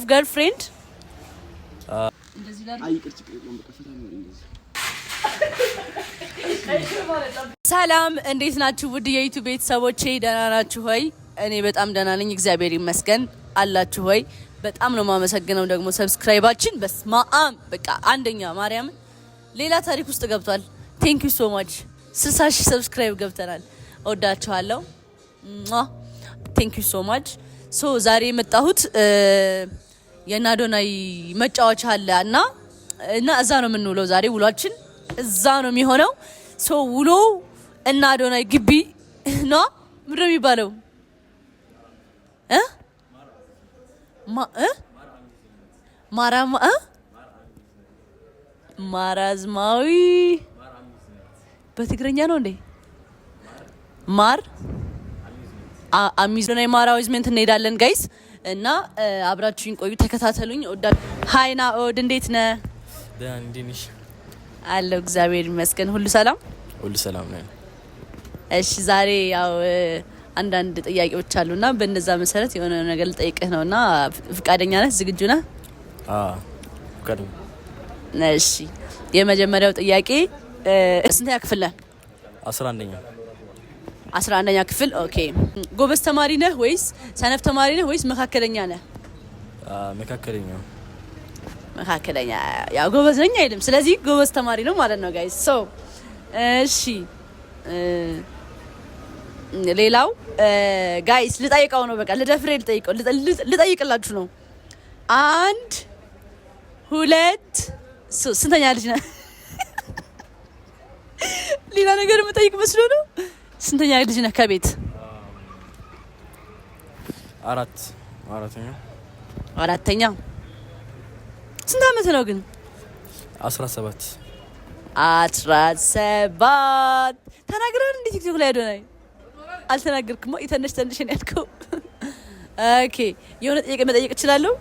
have ፍሬንድ ሰላም እንዴት ናችሁ? ውድ የዩቱብ ቤተሰቦቼ ደህና ናችሁ ሆይ? እኔ በጣም ደህና ነኝ እግዚአብሔር ይመስገን። አላችሁ ሆይ? በጣም ነው የማመሰግነው። ደግሞ ሰብስክራይባችን በስማአም በቃ አንደኛ ማርያምን ሌላ ታሪክ ውስጥ ገብቷል። ቴንክ ዩ ሶ ማች ስልሳ ሺህ ሰብስክራይብ ገብተናል። እወዳችኋለሁ። ቴንክ ዩ ሶ ማች ሶ ዛሬ የመጣሁት የናዶናይ መጫወቻ አለ እና እና እዛ ነው የምንውለው። ዛሬ ውሏችን እዛ ነው የሚሆነው። ሶ ውሎ እና አዶናይ ግቢ ና ምንድን ነው የሚባለው? ማራማ ማራዝማዊ በትግረኛ ነው እንዴ? ማር አሚዞ አዶናይ ማራዊ እንሄዳለን ጋይስ እና አብራችሁኝ ቆዩ፣ ተከታተሉኝ። ወዳ ሀይና ኦድ እንዴት ነ? ደህና እንዴት ነሽ? እግዚአብሔር ይመስገን። ሁሉ ሰላም፣ ሁሉ ሰላም ነው። እሺ ዛሬ ያው አንዳንድ ጥያቄዎች አሉና በነዛ መሰረት የሆነ ነገር ልጠይቅህ ነውና ፍቃደኛ ነህ? ዝግጁ ነህ? ፍቃደኛ። እሺ የመጀመሪያው ጥያቄ ስንተኛ ክፍል ነህ? አስራ አንደኛ አስራ አንደኛ ክፍል ኦኬ። ጎበዝ ተማሪ ነህ ወይስ ሰነፍ ተማሪ ነህ ወይስ መካከለኛ ነህ? መካከለኛ መካከለኛ። ያው ጎበዝ ነኝ አይልም። ስለዚህ ጎበዝ ተማሪ ነው ማለት ነው ጋይስ። ሶ እሺ፣ ሌላው ጋይስ ልጠይቀው ነው በቃ ልደፍሬ ልጠይቀው ልጠይቅላችሁ ነው። አንድ ሁለት ስንተኛ ልጅ ነህ? ሌላ ነገር የምጠይቅ መስሎ ነው ስንተኛ ልጅ ነህ ከቤት? አራት አራተኛ አራተኛ። ስንት አመት ነው ግን? አስራ ሰባት አስራ ሰባት ተናግረን እንዴ ቲክቶክ ላይ ሄዶ ናይ የተነሽ ተንሽ ነው ያልከው። ኦኬ የሆነ ጥያቄ መጠየቅ እችላለሁ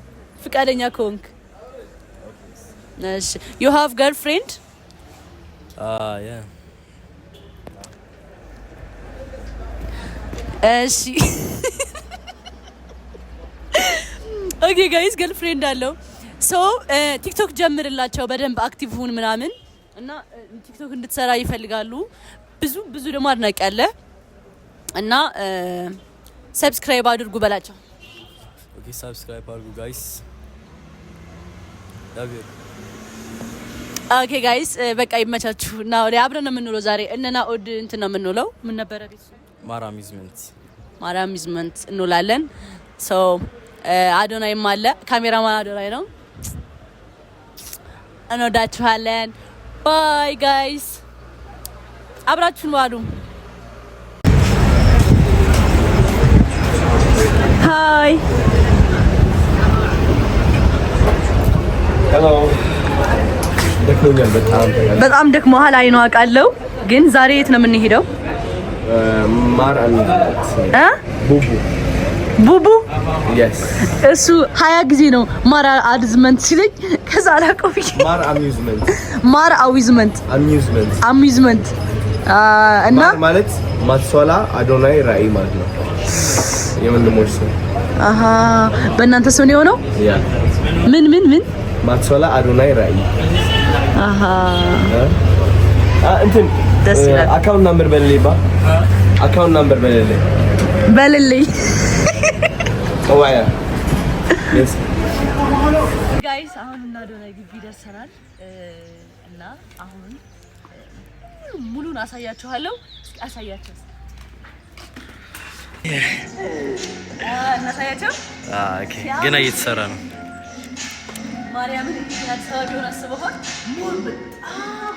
ፍቃደኛ ከሆንክ? እሺ ዩ ሃቭ ገርልፍሬንድ? አ ያ እሺ ኦኬ ጋይስ ገርልፍሬንድ አለው ሶ ቲክቶክ ጀምርላቸው በደንብ አክቲቭ ሁን ምናምን እና ቲክቶክ እንድትሰራ ይፈልጋሉ። ብዙ ብዙ ደግሞ አድናቂ አለ እና ሰብስክራይብ አድርጉ በላቸው። ኦኬ ሰብስክራይብ አድርጉ ጋይስ። ኦኬ ጋይስ በቃ ይመቻችሁ። እና አብረን ነው የምንውለው ዛሬ እነና ኦድ እንትን ነው የምንውለው ምን ነበረ ቤት ማራሚዝመንት ማራሚዝመንት እንውላለን። ሰው አዶናይም አለ። ካሜራማን አዶናይ ነው። እንወዳችኋለን። ባይ ጋይስ፣ አብራችሁን ዋሉ። ሃይ በጣም ደክሞሃል። አይኗ አውቃለሁ። ግን ዛሬ የት ነው የምንሄደው? ማር ቡቡ እሱ ሀያ ጊዜ ነው ማር አድዝመንት ሲለኝ፣ ከዛ አላውቀው ማር አዊዝመንት አሚዝመንት እና ማለት ማትሷላ አዶናይ ራእይ ማለት ነው። የወንድሞች ስም አሀ በእናንተ ስም የሆነው። ምን ምን ምን ማትሷላ አዶናይ ራእይ አሀ እንትን ደስ ይላል። አካውንት ናምበር በልልኝ፣ ባ አካውንት ናምበር በልልኝ፣ በልልኝ። ጋይስ አሁን እና አዶናይ ግቢ ደርሰናል እና አሁን ሙሉን አሳያችኋለሁ። እስኪ አሳያቸው እናሳያቸው። ገና እየተሰራ ነው። ማርያምን አዲስ አስበኋል ሙሉ በጣም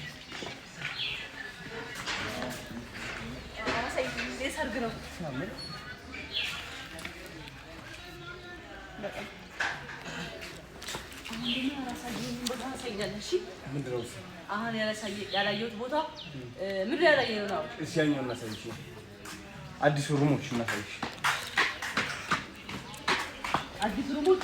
ነው። አሁን ያላየሁት ቦታ ምንድን ነው ያላየኸው ነው? እስኪ ያኛውን እናሳይሽ፣ አዲሱ ሩሞች እናሳይሽ፣ አዲሱ ሩሞች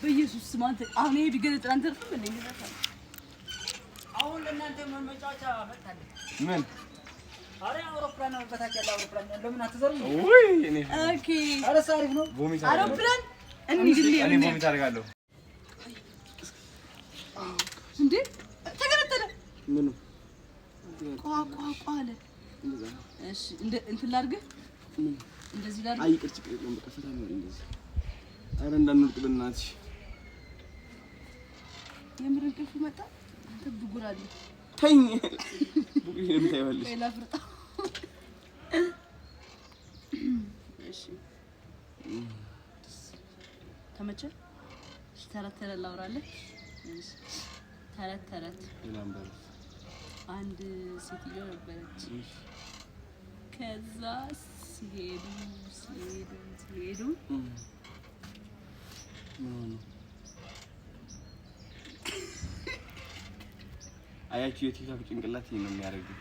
በኢየሱስ ስም አንተ አሁን ይሄ ቢገለጥ አንተ አሁን ለእናንተ መመጫወቻ መጣለህ። ምን አውሮፕላን በታች ያለ አውሮፕላን ለምን አትዘርም? ኦኬ ኧረ እሱ ነው። አውሮፕላን እኔ ቦሚት እንዴ! ተገለጠለ። ምኑ ቋ አለ። እንትን ላድርግህ እንደዚህ ጋር አይ ቅርጭ ቅርጽ ነው። በቃ ፈታ ነው እንደዚህ። አረ እንዳንወድቅ በእናትሽ። የምር እንቅልፍ መጣ። አንተ ብጉራለሁ። ተኝ ቡቅሽ ነው የምታይዋለሽ። ሌላ ፍርጣ። እሺ ተመቸ? እሺ ተረት ተረት ላውራለህ። እሺ ተረት ተረት ላምበር አንድ ሴትዮ ነበረች ከዛ ሲሄዱ ሲሄዱ ሲሄዱ አያችሁ የቲክቶክ ጭንቅላት ይሄ ነው የሚያደርገው።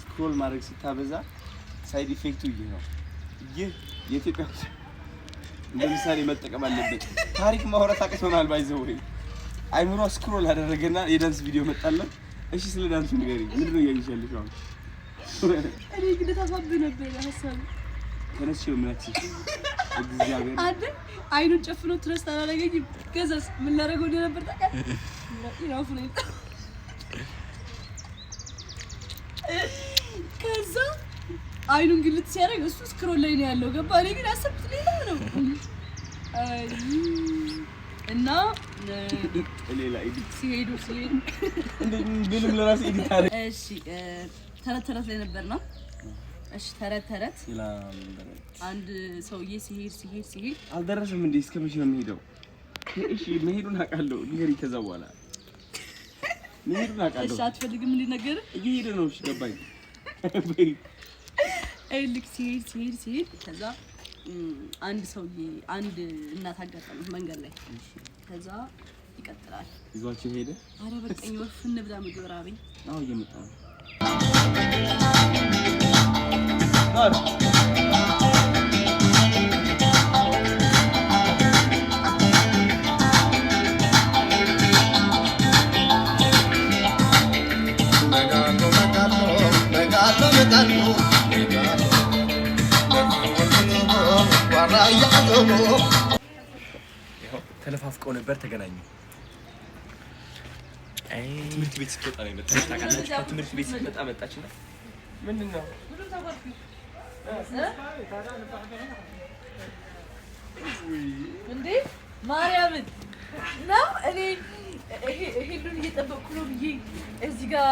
ስክሮል ማድረግ ስታበዛ ሳይድ ኢፌክቱ ይህ ነው። ይህ የኢትዮጵያ እንደ ምሳሌ መጠቀም አለበት። ታሪክ ማውራት አቅቶናል። ባይዘ ወይ አይምሮ ስክሮል አደረገና የዳንስ ቪዲዮ መጣለን። እሺ ስለ ዳንሱ ንገሪኝ። ምንድን ነው እያየሽ አሁን እኔ ግን ታሳብ ነበር ሀሳብ ተነስቼ በምላክስ እግዚአብሔር አንተ አይኑን ጨፍኖ ትረስት አላለገኝም። ከዛስ ምን ላደርገው እንደነበር ታውቃለህ? ከዛ አይኑን ግልት ሲያደርግ እሱ ስክሮል ላይ ነው ያለው። ገባ እኔ ግን አሰብኩት ሌላ ነው እና ሌላ ኤዲት ሲሄዱ ሲሄዱ እሺ ተረት ተረት ላይ ነበር ነው እሺ ተረት ተረት አንድ ሰውዬ ሲሄድ ሲሄድ ሲሄድ አልደረሰም እንዴ? እስከ መቼ ነው የሚሄደው? እሺ መሄዱን አውቃለሁ። ንገሪኝ። ከዛ በኋላ መሄዱን አውቃለሁ። እሺ አትፈልግም እንዴ? ነገር እየሄደ ነው። እሺ ገባኝ። አይ ልክ ሲሄድ ሲሄድ ሲሄድ ከዛ አንድ ሰውዬ አንድ እናት አጋጠመች መንገድ ላይ። ከዛ ይቀጥላል። ይዟቸው ሄደ። አረ በቀኝ ወፍ እንብላ ምግብ ራበኝ። አዎ እየመጣ ነው። ተለፋፍቀው ነበር፣ ተገናኙ። ትምህርት ቤት ስትወጣ ነው የመጣች። ትምህርት ቤት ስትመጣ መጣች እና ምንድን ነው እንዴ ማርያምን ነው እኔ ሄሉን እየጠበቅኩ ነው ብዬ እዚህ ጋር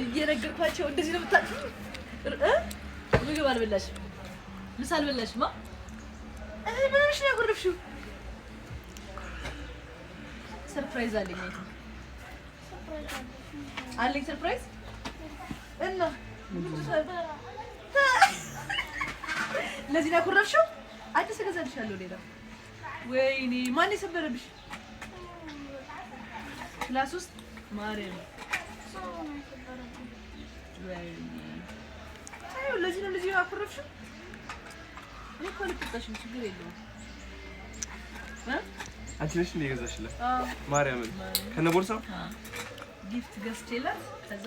እየነገርኳቸው እንደዚህ ነው የምታውቂው። ምግብ አልበላሽም፣ ምሳ አልበላሽም። ምን ሆነሽ ነው ያጎረፍሽው? ሰርፕራይዝ አለኝ አለኝ ሰርፕራይዝ እና ለዚህ ነው ያኮረፍሽው? አዲስ እገዛልሻለሁ። ሌላ ወይኔ፣ ማን የሰበረብሽ? ክላስ ውስጥ ማርያም። አይ ለዚህ ነው እንደዚህ ያኮረፍሽው። እኔ እኮ አልጠጣሽም፣ ችግር የለውም። አንቺ ነሽ እንደ የገዛሽላት ማርያምን ከነ ቦርሳው ጊፍት ገዝቼላት ከዛ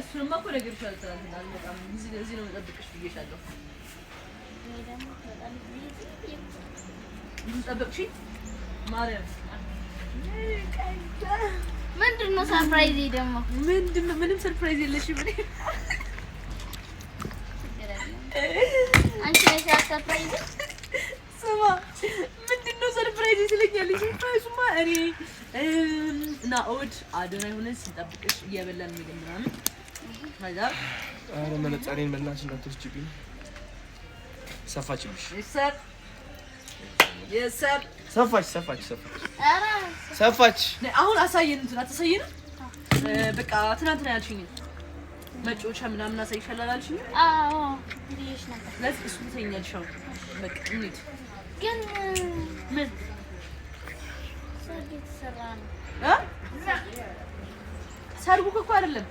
እሱንማ እኮ ነግሬሻለሁ። ትናንትና አልመጣም እዚህ ነው የምጠብቅሽ ብዬሻለሁ። ጠብቅሽኝ ማርያም። ምንድን ነው ሰርፕራይዝ? ደግሞ ምንድን ነው? ምንም ሰርፕራይዝ የለሽም። ስማ ነው ሰርፕራይዝ ይስለኛል። ሰርፕራይዙማ እኔ እና ኦድ አዶናይ ሆነን ስንጠብቅሽ እየበላን ምግብ ምናምን ከዛ ኧረ መነጸሬን መላሽ እንዳትወስጂብኝ ሰፋችብሽ። ሰፋች ሰፋች ሰፋች። አሁን አሳየን እንትን አታሳየንም። በቃ ትናንትና ያልሽኝ መጫወቻ ምናምን አሳይሻል አላልሽኝም? ለእሱ ተይኛልሽ። አሁን በቃ እንሂድ ግን ምን ሰርጉ እኮ አይደለም።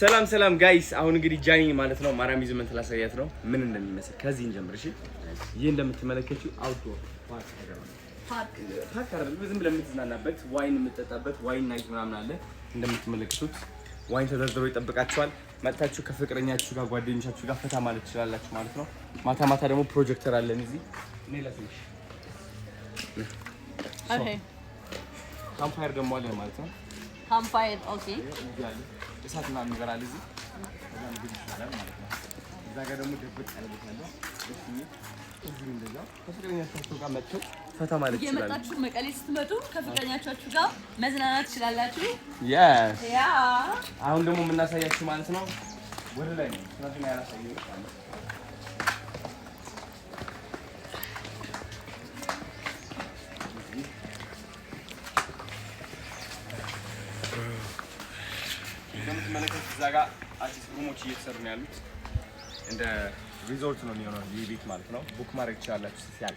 ሰላም ሰላም ጋይስ፣ አሁን እንግዲህ ጃኒ ማለት ነው ማርያም ይዘመንት ላሳያት ነው ምን እንደሚመስል ከዚህ እንጀምር። እሺ ይህ እንደምትመለከቱት አውትዶር ፓርክ ፓርክ ፓርክ አይደለም፣ ዝም ብለን የምትዝናናበት ዋይን የምትጠጣበት ዋይን ናይት ምናምን አለ። እንደምትመለከቱት ዋይን ተደርድሮ ይጠብቃቸዋል። መጥታችሁ ከፍቅረኛችሁ ጋር ጓደኞቻችሁ ጋር ፈታ ማለት ትችላላችሁ ማለት ነው። ማታ ማታ ደግሞ ፕሮጀክተር አለን እዚህ ካምፓየር ደግሞ አለ ማለት ነው። ካምፓየር ኦኬ። እሳት ምናምን ነገር አለ እዚህ እዛ ጋር ደግሞ ደብቅ ያለ ያለው አለ። ደስ የሚል እዚህ እንደዛ ከፍቅረኛችሁ ጋር መጥተው ፈታ ማለት ይችላል። የመጣችሁ መቀሌ ስትመጡ ከፍቅረኛችሁ ጋር መዝናናት ትችላላችሁ። ያ አሁን ደግሞ የምናሳያችሁ ማለት ነው። ወደ ላይ ነው እንደምትመለከቱት እዛ ጋር አዲስ ሩሞች እየተሰሩ ነው ያሉት። እንደ ሪዞርት ነው የሚሆነው ይህ ቤት ማለት ነው። ቡክ ማድረግ ትችላላችሁ ሲያል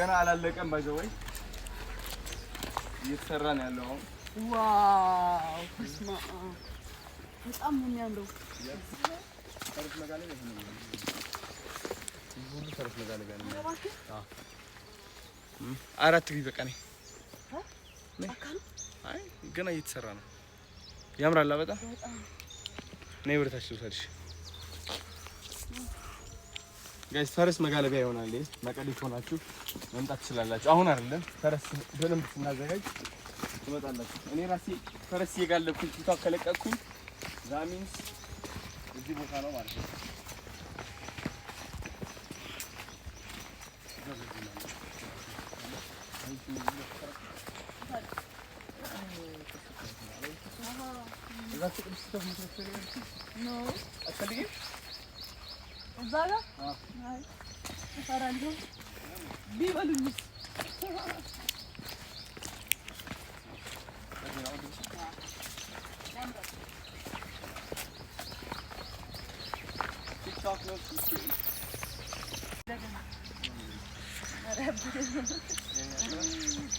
ገና አላለቀም። ባይዘወይ እየተሰራ ነው ያለው አሁን። ዋው ስማ፣ በጣም ነው የሚያምረው። ፈረስ መጋለብ ሁሉ ነው። አራት ግቢ በቃ ነኝ። አይ ገና እየተሰራ ነው። ያምራል። በጣም ነይ፣ ወደ ታች ጋይስ ፈረስ መጋለቢያ ይሆናል። መቀሌ ሆናችሁ መምጣት ትችላላችሁ። አሁን አይደለም ፈረስ በደንብ ስናዘጋጅ ትመጣላችሁ። እኔ ራሴ ፈረስ እየጋለብኩኝ ቱታ ከለቀቅኩኝ ዛሚንስ እዚህ ቦታ ነው ማለት ነው። እዛ ጥቅም ስተፍ ነው አስፈልግም Zara? Ha. Hayır. Herhalde. Bir bölümümüz.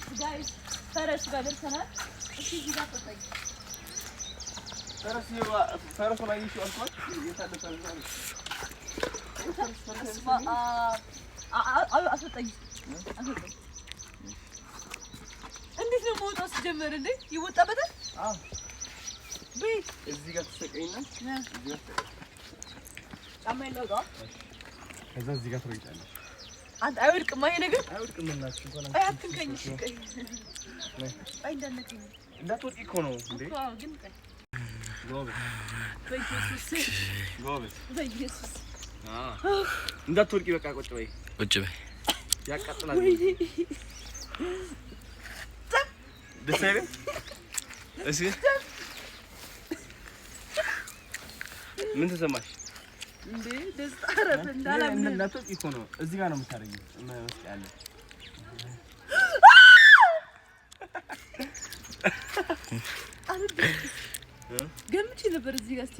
Guys, Ferris gelir sana. İki gidat atak. Ferris yuva, Ferris ona iyi şu alkol. Yeter de Ferris እንዴት ነው መውጣት ሲጀመር እንዴ? ይወጣበታል። እዚህ ጋር ትሰቀኝና ጫማዬን ላውጣ። ከዛ እዚህ ጋር ትረግጫለሽ። አንተ አይወድቅማ፣ ይሄ ነገር አይወድቅም። እናትሽ እንኳን አትንከኝ። እሺ እኮ ነው እንዴ። ግን ቀይ ጎበዝ፣ እንዳትወርቂ በቃ ቁጭ በይ፣ ቁጭ በይ። ያቃጥላል። እስኪ ምን ተሰማሽ? እዚህ ጋር ነው የምታደርጊው። ገምቼ ነበር እዚህ ጋር እስኪ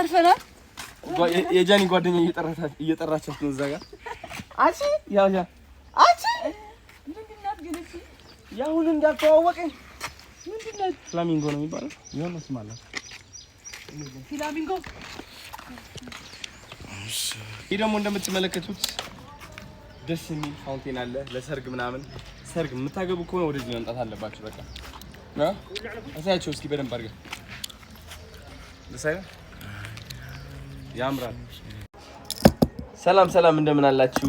ተርፈናል። የጃኒ ጓደኛ እየጠራቻት ነው እዛ ጋር አንቺ ያው ያ አንቺ ያሁን ምንድን ነው ፍላሚንጎ ነው የሚባለው። የሆነ ስም አላት ፍላሚንጎ። ይህ ደግሞ እንደምትመለከቱት ደስ የሚል ፋውንቴን አለ ለሰርግ ምናምን። ሰርግ የምታገቡ ከሆነ ወደዚህ መምጣት አለባችሁ። በቃ አሳያቸው እስኪ በደንብ አድርገን ያምራል። ሰላም ሰላም፣ እንደምን አላችሁ?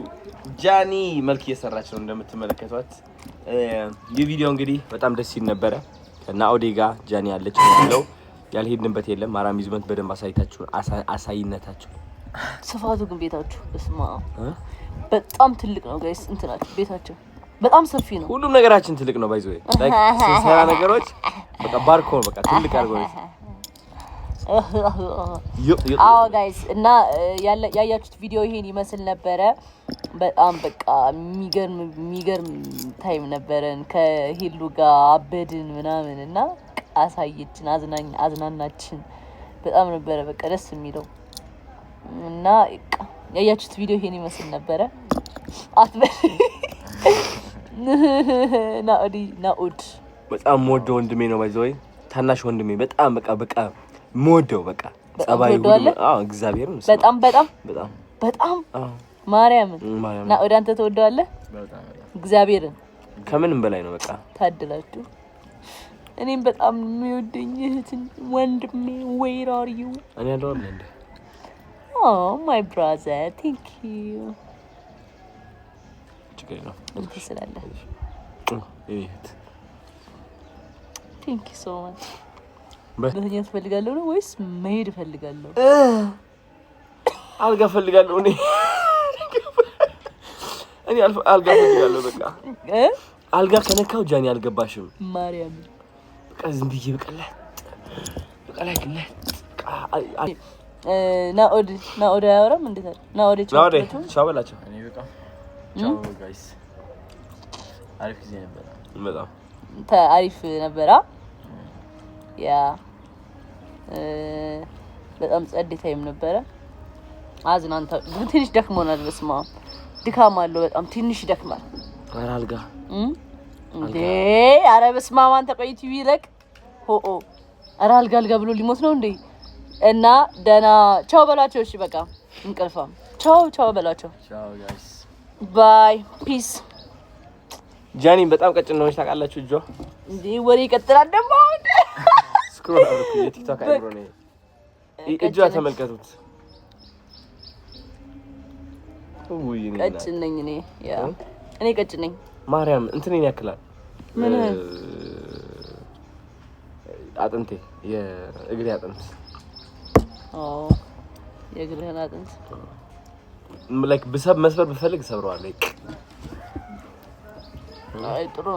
ጃኒ መልክ እየሰራች ነው እንደምትመለከቷት። ይህ ቪዲዮ እንግዲህ በጣም ደስ ሲል ነበረ። ከናኦዴ ጋር ጃኒ ያለች ያለው ያልሄድንበት የለም። አራሚዝመንት በደንብ አሳይታችሁ አሳይነታችሁ ስፋቱ ግን ቤታችሁ እስማ በጣም ትልቅ ነው ጋይስ። እንትናችሁ ቤታችሁ በጣም ሰፊ ነው። ሁሉም ነገራችን ትልቅ ነው። ባይዘ ስንሰራ ነገሮች በቃ ባርኮ በቃ ትልቅ አድርጎ አዎ ጋይስ እና uh, ያያችሁት ቪዲዮ ይሄን ይመስል ነበረ። በጣም በቃ የሚገርም የሚገርም ታይም ነበረን ከሄሉ ጋር አበድን ምናምን እና አሳየችን፣ አዝናኝ አዝናናችን። በጣም ነበረ በቃ ደስ የሚለው እና ያያችሁት ቪዲዮ ይሄን ይመስል ነበረ። አትበል ናኦዲ በጣም ወደ ወንድሜ ነው ባይዘወይ ታናሽ ወንድሜ በጣም በቃ በቃ የምወደው በቃ ጸባይ ሁሉ አዎ፣ እግዚአብሔር ነው። በጣም በጣም በጣም በጣም ማርያምን እና ወደ አንተ ተወደዋለህ። እግዚአብሔርን ከምንም በላይ ነው። በቃ ታድላችሁ። እኔም በጣም የሚወደኝ እህትን ወንድሜ ዌር አር ዩ እኔ ያለው እንደ ኦ ማይ ብራዘር ቴንክ ዩ ስላለህ ቴንክ ዩ ሶ ማች መተኛት እፈልጋለሁ ነው ወይስ መሄድ እፈልጋለሁ? አልጋ እፈልጋለሁ። እኔ እኔ አልጋ እፈልጋለሁ። በቃ አልጋ ከነካው ጃኒ አልገባሽም። ማርያም በቃ ዝም ብዬ በቃ ለጥ በቃ ላይ ናኦድ ናኦድ አያወራም። እንዴት አለ ናኦድ? ቻው በላቸው። እኔ በቃ ቻው ጋይስ፣ አሪፍ ጊዜ ነበረ። በጣም አሪፍ ነበራ ያ በጣም ጸድ ታይም ነበረ። አዝናንታ ትንሽ ደክሞናል። በስመ አብ ድካም አለው በጣም ትንሽ ይደክማል። ኧረ አልጋ እንዴ! ኧረ በስማ አብ አንተ ቆይ ቲቪ ይለቅ ሆኦ ኧረ አልጋ አልጋ ብሎ ሊሞት ነው እንዴ? እና ደህና ቻው በላቸው። እሺ በቃ እንቅልፋ ቻው ቻው በላቸው። ባይ ፒስ። ጃኒ በጣም ቀጭን ነው ታውቃላችሁ። እጇ እንዴ ወሬ ይቀጥላል ደግሞ ስክሮል አድርጉ። የቲክቶክ አይብሮ ነው። እጇ ተመልከቱት። ቀጭን ነኝ እኔ ያው እኔ ቀጭን ነኝ። ማርያም እንትኔን ያክላል አጥንቴ የእግሬ አጥንት የእግርህን አጥንት ላይክ ብሰብ መስበር ብፈልግ ሰብረዋል። ጥሩ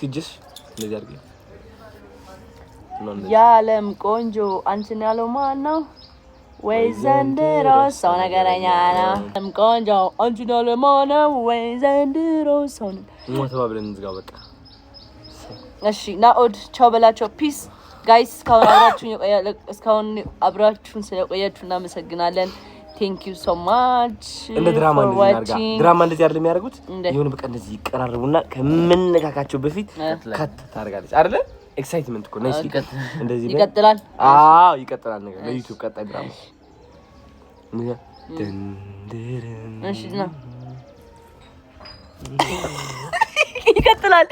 ሲጅስ እንደዚህ አድርጌ የዓለም ቆንጆ አንቺን ያለው ማን ነው? ወይ ዘንድሮ ሰው ነገረኛ ነው። የዓለም ቆንጆ አንቺን ያለው ማን ነው? ወይ ዘንድሮ ሰው እሺ ናኦድ ቻው በላቸው። ፒስ ጋይስ። እስካሁን አብራችሁን ስለቆያችሁ እናመሰግናለን። ቴንክ ዩ ሶ ማች። እንደ ድራማ እንደዚህ ድራማ እንደዚህ አይደለም የሚያደርጉት። ይሁን በቃ እንደዚህ ከምንነካካቸው በፊት ከት ታደርጋለች ኤክሳይትመንት እኮ ነው። እንደዚህ ይቀጥላል። አዎ ይቀጥላል። ነገር ለዩቲዩብ ቀጣይ ድራማ ይቀጥላል።